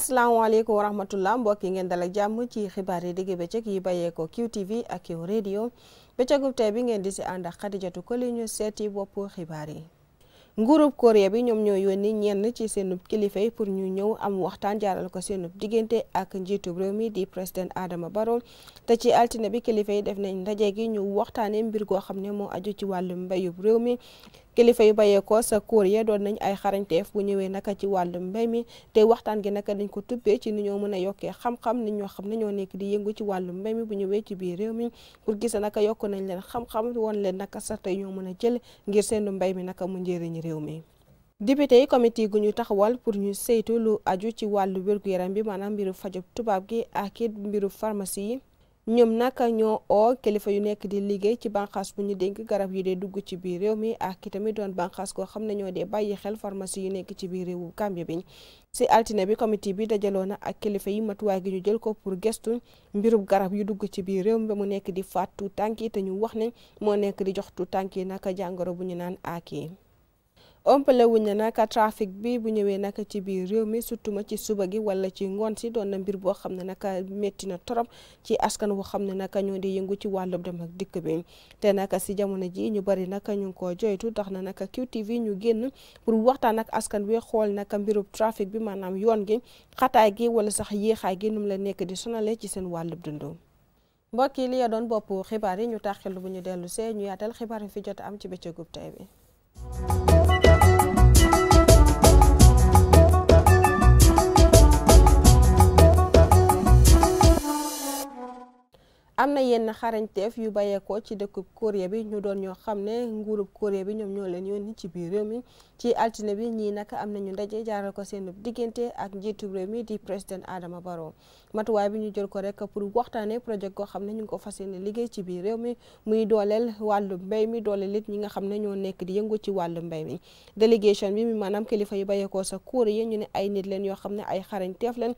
asalaamaaleykum wa rahmatullah mbokk yi ngeen dal ak jàmm ci xibaar yi digg bëccëg yi bàyyeekoo QTV ak Q radio bëccëgub tey bi ngeen di si ànd ak Xadijatu Koli ñu seeti bopp xibaar yi. nguurub Korea bi ñoom ñoo yónni ñenn ci seenub kilifa yi pour ñu ñëw am waxtaan jaaral ko seenub diggante ak njiitub réew mi di président Adama Barrow te ci altine bi kilifa yi def nañ ndaje gi ñu waxtaanee mbir goo xam ne moo aju ci wàllum mbéyub réew mi kilifa yu bàyyeekoo sa kóor ya doon nañ ay xarañteef bu ñëwee naka ci wàllu mbéy mi te waxtaan gi naka dañ ko tubbee ci ni ñoo mën a yokkee xam-xam ni ñoo xam ne ñoo nekk di yëngu ci wàllu mbéy mi bu ñëwee ci biir réew mi pour gis naka yokk nañ leen xam-xam woon leen naka sa tey ñoo mën a jël ngir seenu mbéy mi naka mu njëriñ réew mi député yi comité gu ñu taxawal pour ñu seytu lu aju ci wàllu wérgu yaram bi maanaam mbiru fajub tubaab gi ak it mbiru pharmacie yi ñoom naka ñoo oo kilifa yu nekk di liggéey ci bànqaas bu ñu dénk garab yi dee dugg ci biir réew mi ak tamit doon bànqaas koo xam ne ñoo dee bàyyi xel pharmacie yu nekk ci biir réewu Gambie bi si altine bi comité bi dajaloo na ak kilifa yi matuwaay gi ñu jël ko pour gestu mbirub garab yu dugg ci biir réew mi mu nekk di faat tuut tànk yi te ñu wax ne moo nekk di jox tuut tànk yi naka jàngoro bu ñu naan aak ëmpale wuñ ne nag trafic bi bu ñëwee nag ci biir réew mi surtout ma ci suba gi wala ci ngoon si doon na mbir boo xam ne nag métti na torop ci askan woo xam ne nag ñoo di yëngu ci wàllum dem ak dikk bi te nag si jamono ji ñu bari nag ñu ngi koo joytu tax na nag QTV ñu génn pour waxtaan ak askan wi xool nag mbirub trafic bi maanaam yoon gi xataay gi wala sax yéexaay gi nu mu la nekk di sonale ci seen wàllub dundoo. mbokk yi li doon bopp xibaar yi ñu taxil bu ñu dellu see ñu yaatal xibaar yi fi jot am ci bëccëgub tey bi. na yenn xarañteef yu bàyyeekoo ci dëkk Corée bi ñu doon ñoo xam ne nguurub Corée bi ñoom ñoo leen yónni ci biir réew mi ci altine bi ñii nag am nañu ndaje jaaral ko seen diggante ak njiitu réew mi di président Adama Barrow matuwaay bi ñu jël ko rek pour waxtaanee projet goo xam ne ñu ngi ko fas yéene liggéey ci biir réew muy dooleel wàllu mbéy mi dooleel it ñi nga xam ne ñoo nekk di yëngu ci wàllu mbéy mi délégation bi mi maanaam kilifa yu bàyyeekoo sa kuur yi ñu ne ay nit yoo xam ne ay xarañ teef leen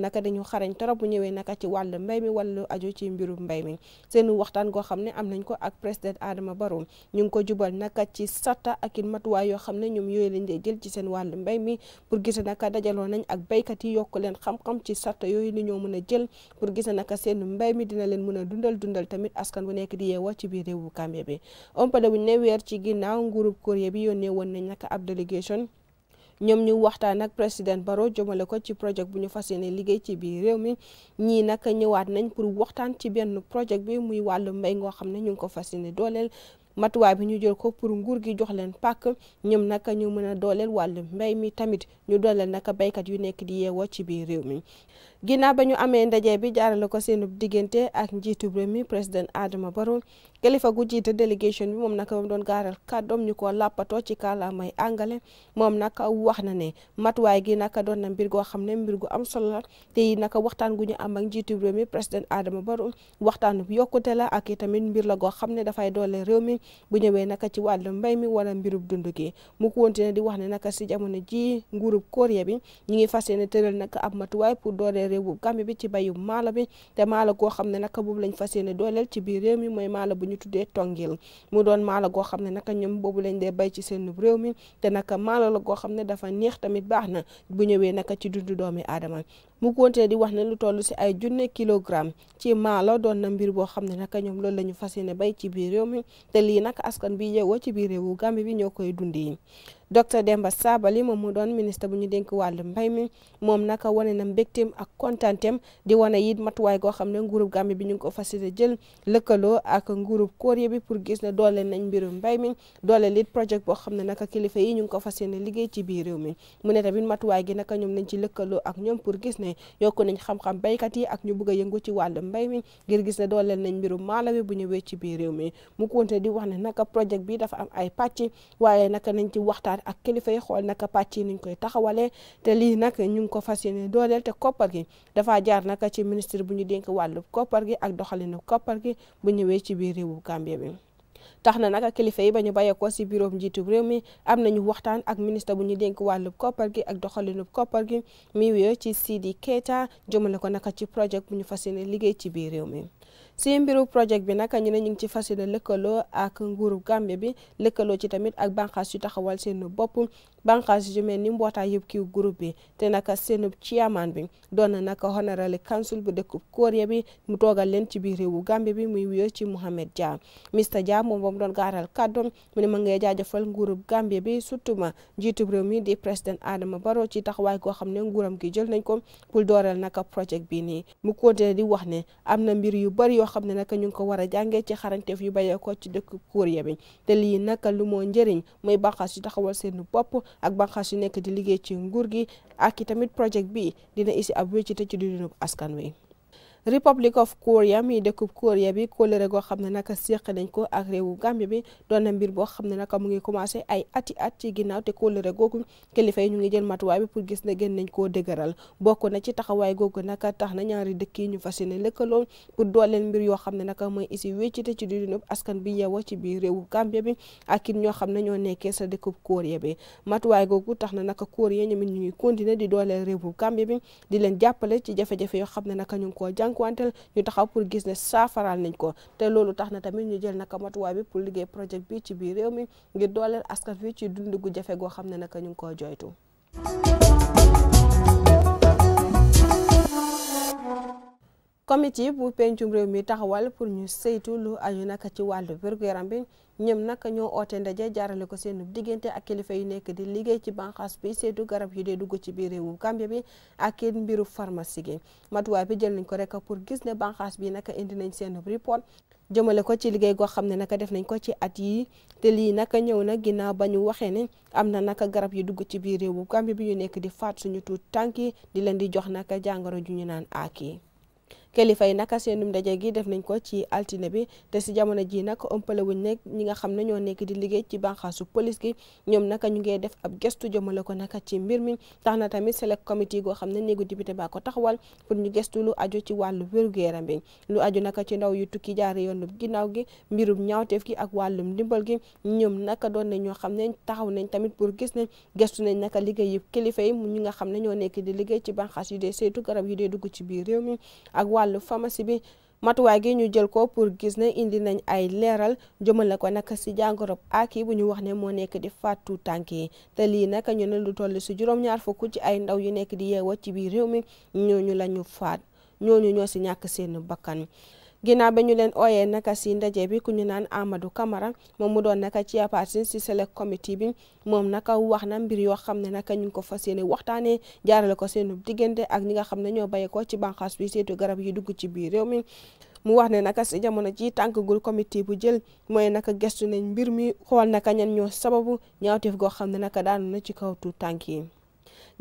naka dañu xarañ torop bu ñëwee naka ci wàllu mbéy mi wàllu aju ci mbirum mbéy mi seen waxtaan goo xam ne am nañ ko ak président Adama Barrow ñu ngi ko jubal naka ci satta ak it matuwaay yoo xam ne ñoom yooyu lañ dee jël ci seen wàllu mbéy mi pour gise naka dajaloo nañ ak béykat yi yokk leen xam-xam ci sarta yooyu ni ñoo mën a jël pour gise naka seen mbéy mi dina leen mën a dundal dundal tamit askan bu nekk di yeewoo ci biir réewu Gambie bi ompale bu ne weer ci ginnaaw nguurub Korea bi yónnee woon nañ naka ab délégation ñoom ñu waxtaan ak président baro jëmale ko ci projet bu ñu fas yéene liggéey ci biir réew mi ñii nag ñëwaat nañ pour waxtaan ci benn projet bi muy wàllu mbéy ngoo xam ne ñu ngi ko fas yéene dooleel matuwaay bi ñu jël ko pour nguur gi jox leen pàkk ñoom naka ñu mën a dooleel wàllu mbéy mi tamit ñu dooleel nag béykat yu nekk di yeewoo ci biir réew mi ginnaaw ba ñu amee ndaje bi jaarale ko seen diggante ak njiitu réew mi président Adama Barrow kilifa gu jiite délégation bi moom nag moom doon gaaral kàddoom ñu ko làppatoo ci kàllaamay àngale moom nag wax na ne matuwaay gi nag doon na mbir goo xam ne mbir gu am solo la te nag waxtaan gu ñu am ak njiitu réew mi président Adama Barrow waxtaan bu yokkute la ak itamit mbir la goo xam ne dafay doole réew mi bu ñëwee nag ci wàllu mbay mi wala mbirub dund gi mu ko di wax ne nag si jamono ji nguurub Korea bi ñu ngi fas yéene tëral nag ab matuwaay pour réewu Gambie bi ci bayum maala bi te maala goo xam ne naka boobu lañ fas yéene dooleel ci biir réew mi mooy maala bu ñu tuddee tongil mu doon maala goo xam ne naka ñoom boobu lañ dee bay ci seen réew mi te naka maala la goo xam ne dafa neex tamit baax na bu ñëwee naka ci dundu doomi aadama mu kontee di wax ne lu toll si ay junne kilogramme ci maala doon na mbir boo xam ne naka ñoom loolu la ñu fas yéene bay ci biir réew mi te lii naka askan bi yeewoo ci biir réewu Gambie bi ñoo koy dundi docteur Demba Sabali moom mu doon ministre bu ñu dénk wàllu mbay mi moom naka wane na mbégteem ak kontaanteem di wane it matuwaay goo xam ne nguurub Gàmbi bi ñu ngi ko facilité jël lëkkaloo ak nguurub Korea bi pour gis ne dooleel nañ mbirum mbay mi dooleel it projet boo xam ne naka kilifa yi ñu ngi ko fas yéene liggéey ci biir mi mu ne tamit matuwaay gi naka ñoom nañ ci lëkkaloo ak ñoom pour gis ne yokk nañ xam-xam yi ak ñu bëgg yëngu ci wàllu mbay mi ngir gis ne dooleel nañ mbirum maala bi bu ñëwee ci biir réew mi mu konte di wax ne naka projet bi dafa am ay pàcc waaye naka nañ ci waxtaan ak kilifa yi xool naka pàcc yi niñ koy taxawalee te lii nag ñu ngi ko fas yéene dooleel te koppar gi dafa jaar naka ci ministre bu ñu dénk wàllu koppar gi ak doxalinu koppar gi bu ñëwee ci biir réewu Gambie bi. tax na nag kilifa yi ba ñu bàyyeekoo si bureau njiitub réew mi am nañu waxtaan ak ministre bu ñu dénk wàllu koppar gi ak doxalinu koppar gi mi wéyoo ci Sidi Keita jëmale ko naka ci projet bu ñu fas yéene liggéey ci biir réew mi. si mbiru projet bi nag ñu ne ñu ngi ci fas yéene lëkkaloo ak nguuru Gambie bi lëkkaloo ci tamit ak bànqaas yu taxawal seen bopp bànqaas yu mel ni mbootaay yëpp kii groupe bi te naka seen chairman bi doon na naka honorable council bu dëkk Korea bi mu toogal leen ci biir réewu Gambie bi muy wuyoo ci Mohamed Jaa Mr Jaa moom moom doon gaaral kàddoom mu ne ma ngay jaajëfal nguurub Gambie bi surtout ma njiitu réew mi di président Adama Barrow ci taxawaay goo xam ne nguuram gi jël nañ ko pour dooral naka projet bi nii mu continué di wax ne am na mbir yu bari yoo xam ne nag ñu ngi ko war a jàngee ci xarañteef yu bàyyeekoo ci dëkk Korea bi te lii nag lu moo njëriñ mooy banqaas yu taxawal seen bopp ak banqaas yu nekk di liggéey ci nguur gi ak i tamit projet bi dina isi ab wéccite ci dundinu askan wi Republic of Korea muy dëkkub Korea bi kóllëre goo xam ne naka séq nañ ko ak réewu Gambie bi doon na mbir boo xam ne naka mu ngi commencé ay ati at ci ginnaaw te kóllëre googu kilifa yi ñu ngi jël matuwaay bi pour gis ne gën nañ koo dëgëral bokk na ci taxawaay googu naka tax na ñaari dëkk yi ñu fas yéene lëkkaloo pour dooleel mbir yoo xam ne naka mooy isi wéccite ci dundinu askan bi yeewoo ci biir réewu Gambie bi ak it ñoo xam ne ñoo nekkee sa dëkkub Korea bi matuwaay googu tax na naka Korea ñoom it ñu ngi continuer di dooleel réewu Gambie bi di leen jàppale ci jafe-jafe yoo xam ne naka ñu ngi koo jàng jànkuwanteel ñu taxaw pour gis ne saafaraal nañ ko te loolu tax na tamit ñu jël naka matuwaay bi pour liggéey projet bi ci biir réew mi ngir dooleel askan wi ci dund gu jafe goo xam ne naka ñu ngi koo joytu comité bu pencum réew mi taxawal pour ñu saytu lu aju nag ci wàllu wér-gu-yaram bi ñoom nag ñoo oote ndaje jaarale ko seen diggante ak kilifa yu nekk di liggéey ci banqaas bi saytu garab yu dee dugg ci biir réewu Gambie bi ak mbiru pharmacie matuwaay bi jël nañ ko rek pour gis ne banqaas bi nag indi nañ seen report jëmale ko ci liggéey goo xam ne naka def nañ ko ci at yi te lii naka ñëw na ginnaaw ba ñu waxee ne am na naka garab yu dugg ci biir réewu Gambie bi ñu nekk di faat suñu tuut tànk yi di leen di jox naka jàngoro ju ñu naan aki kilifa yi nag seenum ndaje gi def nañ ko ci altine bi te si jamono ji nag ëmpale wuñ nekk ñi nga xam ne ñoo nekk di liggéey ci banqaasu police gi ñoom naka ñu ngee def ab gestu jëmale ko naka ci mbir mi tax na tamit select committee goo xam ne néegu député baa ko taxawal pour ñu gestu lu aju ci wàllu wérgu yaram bi lu aju naka ci ndaw yu tukki jaare yoonub ginnaaw gi mbirum ñaawteef gi ak wàllum ndimbal gi ñoom naka doon na ñoo xam ne taxaw nañ tamit pour gis nañ gestu nañ naka liggéey yëpp kilifa yi ñu nga xam ne ñoo nekk di liggéey ci banqaas yu dee saytu garab yi dee dugg ci biir réew mi ak wàllu pharmacie bi matuwaay gi ñu jël ko pour gis ne indi nañ ay leeral jëmale ko nag si jàngorob ak bu ñu wax ne moo nekk di fàttu tànk yi te lii nag ñu ne lu toll si juróom-ñaar ci ay ndaw yu nekk di yeewoo ci biir réew mi ñooñu la ñu faat ñooñu ñoo si ñàkk seen bakkan gina ba ñu leen ooyee naka si ndaje bi ku ñu naan Amadou Camara moom mu doon naka ci apartin si select committee bi moom naka wax na mbir yoo xam ne naka ñu ngi ko fas yéene waxtaanee jaarale ko seenu diggante ak ñi nga xam ne ñoo bàyyi ko ci bànqaas bi saytu garab yi dugg ci biir réew mi mu wax ne naka si jamono ji tànkagul comité bu jël mooy naka gestu nañ mbir mi xool naka ñan ñoo sababu ñaawteef goo xam ne naka daanu na ci kaw tuut tànk yi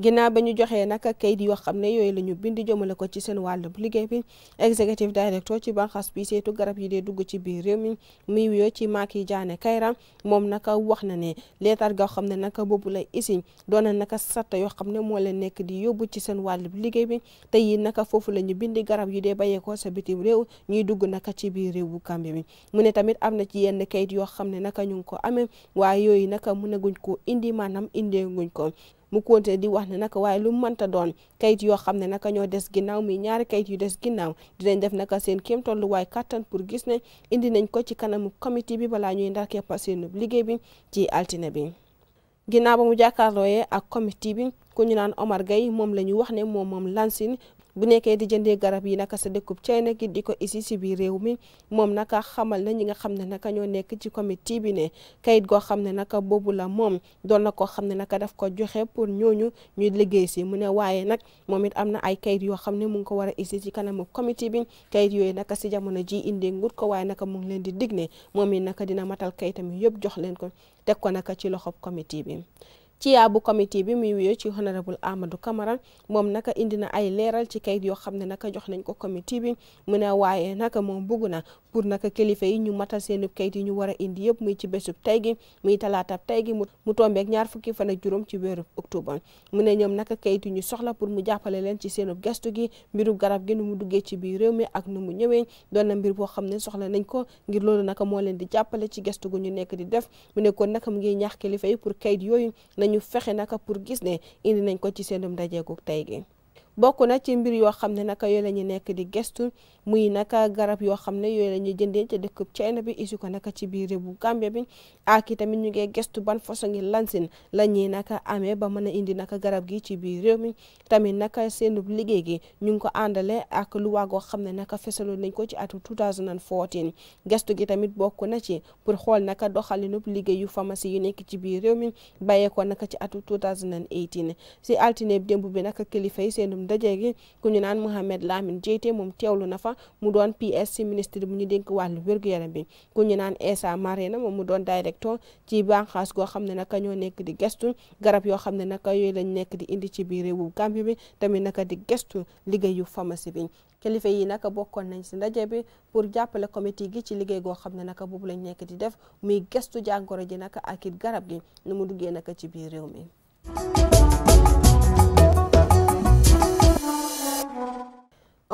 ginnaaw ba ñu joxee nag kayit yoo xam ne yooyu la ñu bind jëmale ko ci seen wàllub liggéey bi executive director ci banxas bi seetu garab yi dee dugg ci biir réew mi muy wuyoo ci Macky Jaane Kayra moom naka wax na ne leetar goo xam ne naka boobu la isi doon na naka sarta yoo xam ne moo leen nekk di yóbbu ci seen wàllub liggéey bi te yi naka foofu la ñu bindi garab yu dee ko sa bitim réew ñuy dugg naka ci biir réew bu Kambi bi mu ne tamit am na ci yenn kayit yoo xam ne naka ñu ngi ko amee waaye yooyu naka mënaguñ ko indi maanaam indee guñ ko mu konte di wax ne naka waaye lu mu mënta doon kayit yoo xam ne naka ñoo des ginnaaw muy ñaari kayit yu des ginnaaw dinañ def naka seen kéem tolluwaay kattan pour gis ne indi nañ ko ci kanamu comité bi balaa ñuy ndar keppal seen liggéey bi ci altine bi. ginnaaw ba mu ye ak comité bi ku ñu naan Omar Gueye moom la ñu wax ne moom moom Lansing bu nekkee di jëndee garab yi naka sa dëkkub Chine gi di ko isi si biir réew mi moom naka xamal na ñi nga xam ne naka ñoo nekk ci comité bi ne kayit goo xam ne naka boobu la moom doon na koo xam ne naka daf ko joxe pour ñooñu ñuy liggéey si mu ne waaye nag moom it am na ay kayit yoo xam ne mu ngi ko war a isi ci kanamu comité bi kayit yooyu naka si jamono ji indee ngut ko waaye naka mu ngi leen di dig ne moom it naka dina matal kayitam yëpp jox leen ko teg ko naka ci loxob comité bi ci yaabu comité bi muy wuyoo ci honorable Amadou Camara moom naka indi na ay leeral ci kayit yoo xam ne naka jox nañ ko comité bi mu ne waaye naka moom bugg na pour naka kilifa yi ñu matal seeni kayit yi ñu war a indi yëpp muy ci bésub tey gi muy talaatab tey gi mu tombeek ñaar fukki fan ak juróom ci weeru octobre mu ne ñoom naka kayit yi ñu soxla pour mu jàppale leen ci seenub gestu gi mbirub garab gi nu mu duggee ci biir réew mi ak nu mu ñëwee doon na mbir boo xam ne soxla nañ ko ngir loolu naka moo leen di jàppale ci gestu gu ñu nekk di def mu ne kon naka mu ngi ñaax kilifa yi pour kayit yooyu nañu fexe naka pour gis ne indi nañ ko ci seenum ndajeeku tey gi bokk na ci mbir yoo xam ne naka yooyu la ñu nekk di gestu muy naka garab yoo xam ne yooyu la ñuy jëndee ca dëkkub Chine bi isu ko naka ci biir bu Gambia bi ak itamit ñu ngi gestu ban façon ngi lansin la ñuy naka amee ba mën a indi naka garab gi ci biir réew mi tamit naka seenub liggéey gi ñu ngi ko àndale ak lu waagoo xam ne naka fesaloon nañ ko ci atu 2014 gestu gi tamit bokk na ci pour xool naka doxalinub liggéeyu pharmacie yu nekk ci biir réew mi bàyyee ko ci atu 2018 si altine démb bi naka kilifa yi seenub ndaje gi ku ñu naan Mouhamed Lamine Diété moom teewlu na fa mu doon PS ci ministre bu ñu dénk wàllu wér-gu-yaram bi ku ñu naan Essa na moom mu doon directeur ci bànqaas goo xam ne naka ñoo nekk di gestu garab yoo xam ne naka yooyu lañ nekk di indi ci biir réewu Gambie bi tamit naka di gestu yu pharmacie bi kilifa yi naka bokkoon nañ si ndaje bi pour jàppale comité gi ci liggéey goo xam ne naka boobu lañ nekk di def muy gestu jàngoro ji naka ak it garab gi nu mu duggee naka ci biir réew mi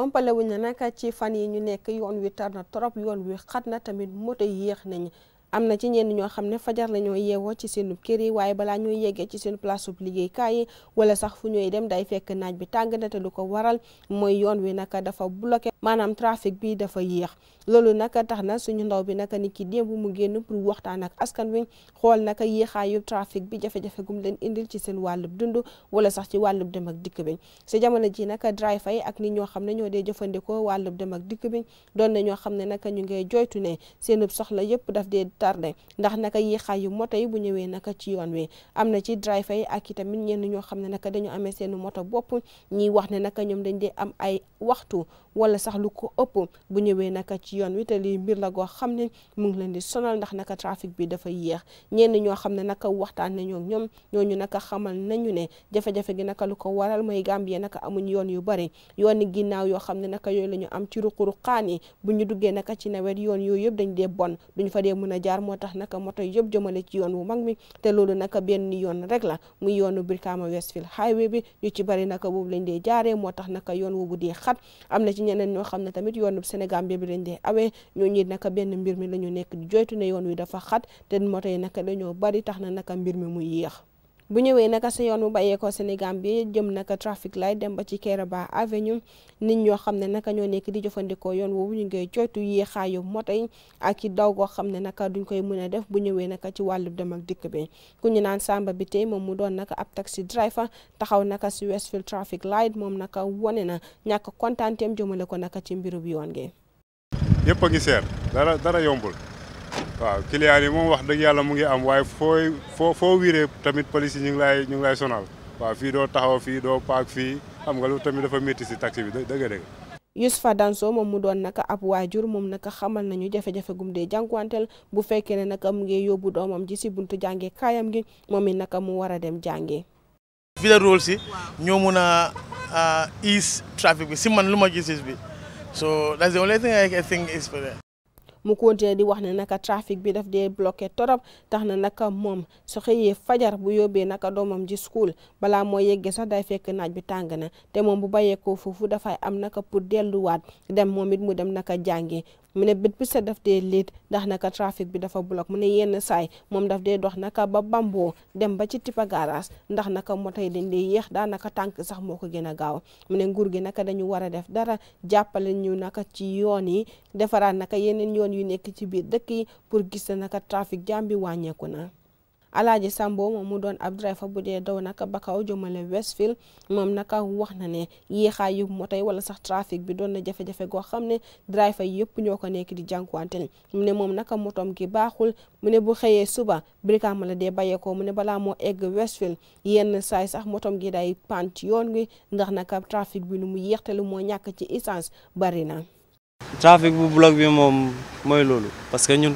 ëmpale wuñ na nag ci fan yi ñu nekk yoon wi tar na trop yoon wi xat na tamit moto yéex nañ am na ci ñenn ñoo xam ne fajar la ñoo yeewoo ci seen kër yi waaye balaa ñooy yeggee ci seen place liggéeykaay yi wala sax fu ñooy dem day fekk naaj bi tàng na te lu ko waral mooy yoon wi naka dafa bloqué maanaam trafic bi dafa yéex loolu naka tax na suñu ndaw bi naka ni ki démb mu génn pour waxtaan ak askan wi xool naka yéexaayu trafic bi jafe-jafe gum leen indil ci seen wàllub dund wala sax ci wàllub dem ak dikk bi si jamono ji naka driver yi ak nit ñoo xam ne ñoo dee jëfandikoo wàllub dem ak dikk bi doon na ñoo xam ne naka ñu ngay joytu ne seenub soxla yëpp daf dee tardé ndax naka yéexaay yu moto yi bu ñëwee naka ci yoon wi am na ci driver yi ak itamit ñenn ñoo xam ne naka dañu amee seen moto bopp ñiy wax ne naka ñoom dañ dee am ay waxtu wala sax lu ko ëpp bu ñëwee naka ci yoon wi te lii mbir la goo xam ne mu ngi leen di sonal ndax naka trafic bi dafa yéex ñenn ñoo xam ne naka waxtaan nañu ak ñoom ñooñu naka xamal nañu ne jafe-jafe gi naka lu ko waral may Gambie naka amuñ yoon yu bari yoon yi ginnaaw yoo xam ne naka yooyu la ñu am ci ruquru xaan yi bu ñu duggee naka ci nawet yoon yooyu yëpp dañ jaar moo tax nag moto yëpp jëmale ci yoon wu mag mi te loolu nag benn yoon rek la muy yoonu Brikama Westfield highway bi ñu ci bari naka boobu lañ dee jaaree moo tax nag yoon wu bu dee xat am na ci ñeneen ñoo xam ne tamit yoonu Sénégal bi lañ dee awee ñoo ñi nag benn mbir mi la nekk di joytu ne yoon wi dafa xat te moto yi nag dañoo bari tax na nag mbir mi muy bu ñëwee naka sa yoon bu bàyyeekoo Sénégal bi jëm naka traffic light dem ba ci ba Avenue nit ñoo xam ne naka ñoo nekk di jëfandikoo yoon woo woowu ñu ngee coytu yéexaayu moto yi ak i daw goo xam ne naka duñ koy mën a def bu ñëwee naka ci wàllu dem ak dikk bi ku ñu naan Samba bi tey moom mu doon naka ab taxi driver taxaw naka si Westfield traffic light moom naka wane na ñàkk kontaanteem jëmale ko naka ci mbirub yoon gi. yëpp a ngi seer dara dara waaw client yi moom wax dëgg yàlla mu ngi am waaye fooy foo foo wiiree tamit police yi ñu ngi laay ñu sonal waaw fii doo taxaw fii doo paak fii xam nga lu tamit dafa métti si taxi bi dëgg-dëgg. Youssoufa Danso moom mu doon naka ab waajur moom naka xamal nañu jafe-jafe gum dee bu fekkee ne naka mu ngi yóbbu doomam ji si buntu jàngee kaayam gi moom it naka mu war a dem jàngee. village rôle si ñoo mun a ease trafic bi si man lu ma gis bi so that's the only thing I think is mu continué di wax ne naka trafic bi daf dee bloqué torop tax na naka moom su xëyee fajar bu yóbbee naka doomam ji school balaa moo yeggee sax day fekk naaj bi tàng na te moom bu bàyyeekoo foofu dafay am naka pour delluwaat dem moom it mu dem naka jàngi mu ne bit bi sa daf dee liit ndax naka trafic bi dafa bloqué mu ne yenn saay moom daf dee dox naka ba bamboo dem ba ci tipa garage ndax naka moto yi dañ dee yéex daanaka tànk sax moo ko gën a gaaw mu ne nguur naka dañu war a def dara jàppale yu nekk ci biir dëkk yi pour gis ne naka trafic jam bi wàññeeku na. Alaaji Sambo moom mu doon ab driver bu dee daw naka Bakau jëmale Westfield moom naka wax na ne yéexaay yu moto wala sax trafic bi doon na jafe-jafe goo xam ne driver yëpp ñoo ko nekk di jànkuwanteel mu ne moom naka motom gi baaxul mu ne bu xëyee suba Brikama la de bayee ko mu ne balaa moo egg Westfield yenn saay sax motom gi day pant yoon wi ndax naka trafic bi nu mu yéexte lu moo ñàkk ci essence bari na. trafic bu bloc bi moom mooy loolu parce que ñun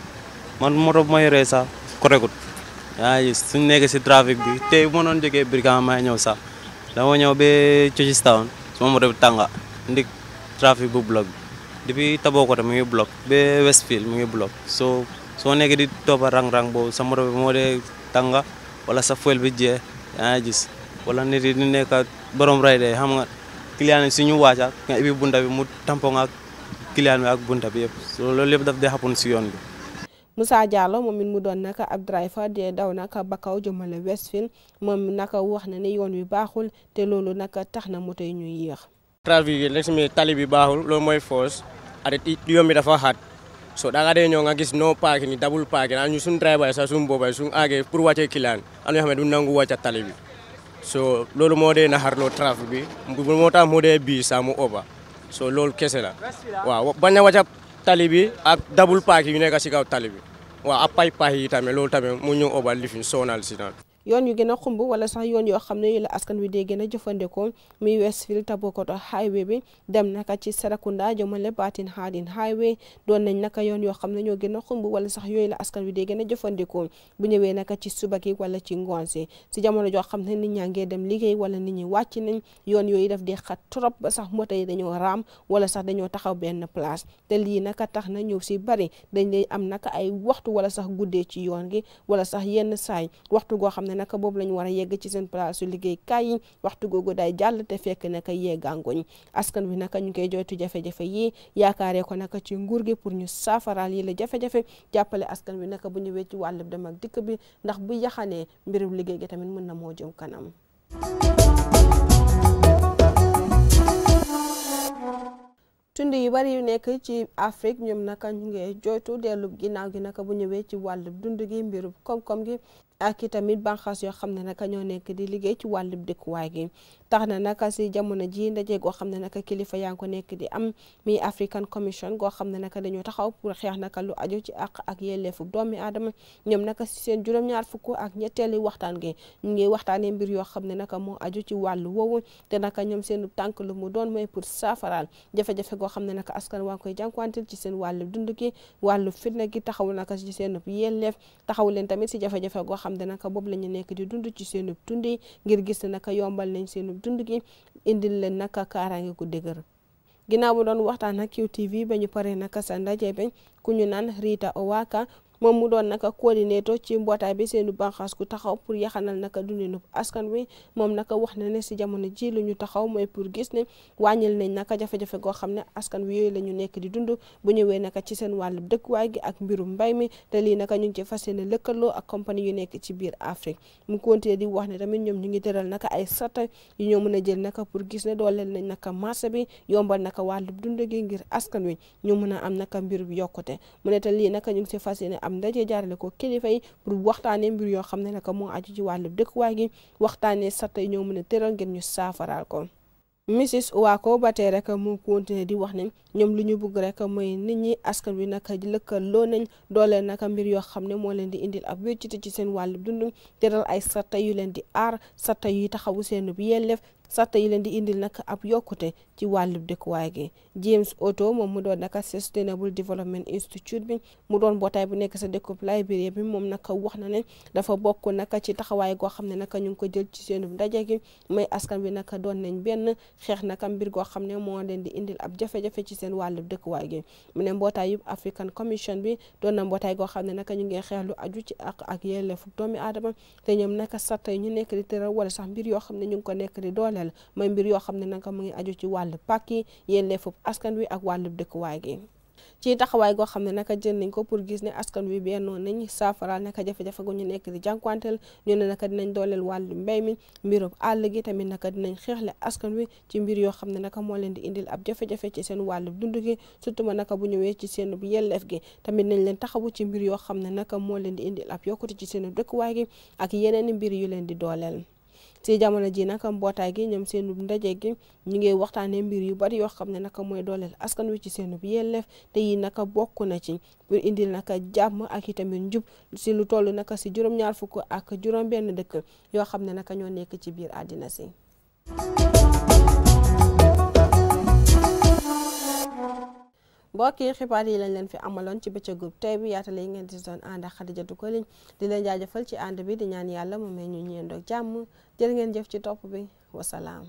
man moto bu ma yoree sax koregut yaa gis suñ nekkee si trafic bi tey bu ma doon jógee Brikama may ñëw sax dama ñëw ba Cogistown suma moto bi tànga ndi trafic bu bi depuis Tabokoto mu ngi bloc ba Westfield mu ngi bloc soo soo nekkee di toppa rang-rang boobu sa moto bi moo dee tànga wala sa fuel bi jee yaa gis wala nit yi di nekk borom ray day xam nga client yi suñu waaja nga ibi bunda bi mu tampo nga client bi ak bunta bi yëpp loolu yëpp daf dee xapoon si yoon bi. Moussa Diallo moom it mu doon naka ab driver de daw naka Bakau jëmale Westfield moom naka wax na ne yoon wi baaxul te loolu naka tax na moto yi ñuy yéex. trafic yi rek mi bi baaxul loolu mooy foos so da nga dee ñëw nga gis no parking ni double parking ñu suñ driver yi sax suñ boobay suñ aagee pour wàccee client am na yoo xam ne du nangu moo dee moo dee bii saa mu so loolu kese la waaw bañ a wàcc tali bi ak dabul paak yu nekk si kaw tali bi waaw a pay paak yi tamit loolu tamit mu ñu obal lifin sonal si naan yoon yu gën a xumb wala sax yoon yoo xam ne yu la askan wi dee gën a jëfandikoo mi Westfield Tabokoto highway bi dem naka ci Serekunda jëmale Batin Harding highway doon nañ naka yoon yoo xam ne ñoo gën a xumb wala sax yooyu la askan wi dee gën a jëfandikoo bu ñëwee naka ci suba gi wala ci ngoon si si jamono joo xam ne nit ñaa ngee dem liggéey wala nit ñi wàcc nañ yoon yooyu daf dee xat trop ba sax moto yi dañoo raam wala sax dañoo taxaw benn place te lii naka tax na ñëw si bari dañ lay am naka ay waxtu wala sax guddee ci yoon gi wala sax yenn saay waxtu ne naka boobu la ñu war a yegg ci seen place su liggéeykaay yi waxtu googu day jàll te fekk naka yeegangoñ askan bi naka ñu koy joytu jafe-jafe yi yaakaaree ko naka ci nguur gi pour ñu saafaraal yi la jafe-jafe jàppale askan bi naka bu ñëwee ci wàllu dem ak dikk bi ndax bu yaxanee mbirum liggéey gi tamit mën na moo jëm kanam tund yu bari yu nekk ci Afrique ñoom naka ñu ngi joytu dellu ginnaaw gi naka bu ñëwee ci wàllu dund gi mbirub koom gi ak tamit banqaas yoo xam ne naka ñoo nekk di liggéey ci wàllub dëkkuwaay gi tax na naka si jamono ji ndaje goo xam ne naka kilifa yanko ngi ko nekk di am mi African Commission goo xam ne naka dañoo taxaw pour xeex naka lu aju ci àq ak yelleefu doomi aadama ñoom naka si seen juróom fukk ak ñetteeli waxtaan gi ñu ngi waxtaanee mbir yoo xam ne naka moo aju ci wàllu woowu te naka ñoom seen tànk lu mu doon mooy pour saafaraal jafe-jafe goo xam ne naka askan waa ngi koy jànkuwantil ci seen wàllu dund gi wàllu fitna gi taxaw naka si seen yelleef taxaw leen tamit si jafe-jafe goo xam xam ne naka boobu la ñu nekk di dund ci seenub dund ngir gis ne yombal nañ seenub dund gi indil leen naka kaaraange gu dëgër ginnaaw bu doon waxtaan ak QTV ba ñu paree naka sa ndaje bañ ku ñu naan Rita Owaka moom mu doon naka coordinateur ci mbootaay bi seenu bànqaas gu taxaw pour yaxanal naka dundinu askan wi moom naka wax na ne si jamono ji lu ñu taxaw mooy pour gis ne wàññil nañ naka jafe-jafe goo xam ne askan wi yooyu la ñu nekk di dund bu ñëwee naka ci seen wàllu dëkkuwaay gi ak mbirum mbay mi te lii naka ñu ngi ci fas yéene lëkkaloo ak compagnie yu nekk ci biir Afrique mu continué di wax ne tamit ñoom ñu ngi tëral naka ay sata yu ñoo mën a jël naka pour gis ne dooleel nañ naka marché bi yombal naka wàllu dund gi ngir askan wi ñu mën a am naka mbir yokkute mu ne te lii naka ñu ngi am ndaje jaarale ko kilifa yi pour waxtaanee mbir yoo xam ne naka moo aju ci wàllu dëkkuwaay gi waxtaanee sart yi ñoo mën a tëral ngeen ñu saafaraal ko. Mrs Waako ba tey rek mu continué di wax ne ñoom lu ñu bëgg rek mooy nit ñi askan wi nag lëkkaloo nañ dooleel nag mbir yoo xam ne moo leen di indil ab wéccite ci seen wàllu dund tëral ay sarta yu leen di aar sarta yuy taxawu seen yelleef sarta yu leen di indil nag ab yokkute ci wàllub dëkkuwaay gi James oto moom mu doon naka Sustainable Development Institute bi mu doon mbootaay bu nekk sa dëkkub Liberia bi moom naka wax na ne dafa bokk naka ci taxawaay goo xam ne naka ñu ngi ko jël ci seen ndaje gi may askan bi naka doon nañ benn xeex naka mbir goo xam ne moo leen di indil ab jafe ci seen wàllub dëkkuwaay gi mu ne mbootaay yu African Commission bi doon na mbootaay goo xam ne naka ñu ngi xeex lu aju ci ak ak yelleefu doomi aadama te ñoom naka sax tey ñu nekk di tëral wala sax mbir yoo xam ne ñu ngi ko nekk di dooleel mooy mbir xam ne naka mu ngi aju ci wàll wàllu pàkk yi yelleefu askan wi ak wàllu dëkkuwaay gi ci taxawaay goo xam ne naka jën nañ ko pour gis ne askan wi bennoo nañ saafaraal naka jafe-jafe gu ñu nekk di ñu ne naka dinañ dooleel wàllu mbéy mi mbirum àll gi tamit naka dinañ xeexle askan wi ci mbir yoo xam ne naka moo leen di indil ab jafe ci seen wàllu dund gi surtout ma naka bu ñëwee ci seen yelleef gi tamit nañ leen taxawu ci mbir yoo xam ne naka moo leen di indil ab yokkute ci seen dëkkuwaay gi ak yeneeni mbir yu leen di dooleel ci jamono ji nag mbootaay gi ñoom seenub ndaje gi ñu ngi waxtaanee mbir yu bari yoo xam ne nag mooy dooleel askan wi ci seenub yelleef te yi nag bokk na ci pour indil nag jàmm ak itamit njub si lu toll nag si juróom-ñaar fukk ak juróom-benn dëkk yoo xam ne nag ñoo nekk ci biir àddina si. mbokk yi xibaar yi lañ leen fi amaloon ci bëccëgub tey bi yaatale yi ngeen di doon ànd ak Xadijatu Koliñ di leen jaajëfal ci ànd bi di ñaan yàlla mu may ñu ñeendoog jàmm jël ngeen jëf ci topp bi wasalaam